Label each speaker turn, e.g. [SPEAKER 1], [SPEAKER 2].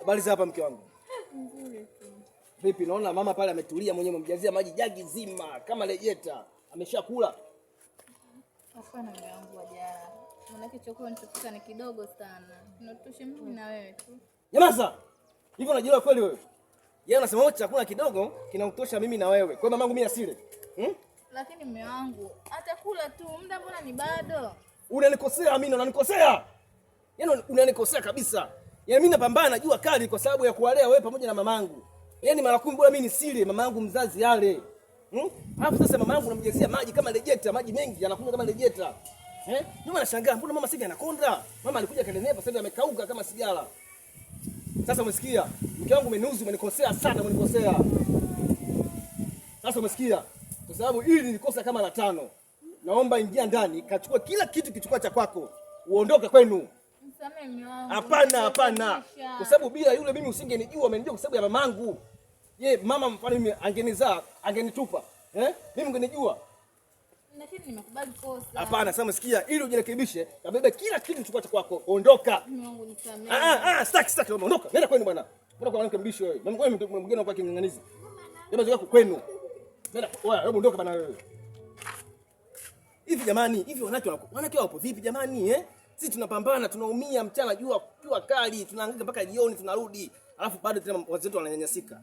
[SPEAKER 1] Habari za hapa mke wangu? Nzuri Vipi naona mama pale ametulia mwenyewe amemjazia maji jagi zima kama lejeta. Ameshakula?
[SPEAKER 2] Hapana mke wangu hajala. Maanake chakula nilichopika ni kidogo sana. Tunatosha mimi na wewe tu.
[SPEAKER 1] Nyamaza. Hivyo unajua kweli wewe? Yeye anasema wote chakula kidogo kinautosha mimi na wewe. Kwa mamangu mimi asile.
[SPEAKER 2] Hmm? Lakini mume wangu atakula tu muda, mbona ni bado?
[SPEAKER 1] Unanikosea na unanikosea. Yaani unanikosea kabisa. Yaani mimi napambana jua kali kwa sababu ya kuwalea wewe pamoja na mamangu. Yaani mara kumi bora mimi nisile mamangu mzazi yale. Hmm? Alafu sasa mamangu namjazia maji kama lejeta, maji mengi anakunywa kama lejeta. Eh? Ndio nashangaa mbona mama sasa anakonda? Mama alikuja kanenepa sasa amekauka kama sigara. Sasa umesikia? Mke wangu umeniuzi, umenikosea sana, umenikosea. Sasa umesikia? Kwa sababu hili nilikosa kama la tano. Naomba ingia ndani, kachukua kila kitu kichukua cha kwako. Uondoke kwenu. Hapana, hapana, kwa sababu bila yule mimi usingenijua. Amenijua kwa sababu ya mamangu. Ye mama, mfano mimi angenizaa, angenitupa eh, mimi ungenijua.
[SPEAKER 2] Lakini nimekubali kosa.
[SPEAKER 1] Hapana, sasa msikia, ili ujirekebishe, kabebe kila kitu chukua cha kwako, ondoka. Mungu nisamehe. Ah, ah ah, sitaki sitaki, ondoka. Nenda kwenu bwana. Bora kwa mwanamke mbishi wewe. Mimi kwenu mgeni kwa kinganganizi. Nenda zako kwenu. Nenda, wewe hebu ondoka bwana wewe. Hivi jamani, hivi wanawake wako, wanawake wapo vipi jamani eh? Sisi tunapambana, tunaumia mchana, jua kiwa kali, tunaangika mpaka jioni tunarudi, alafu bado tena wazetu wananyanyasika.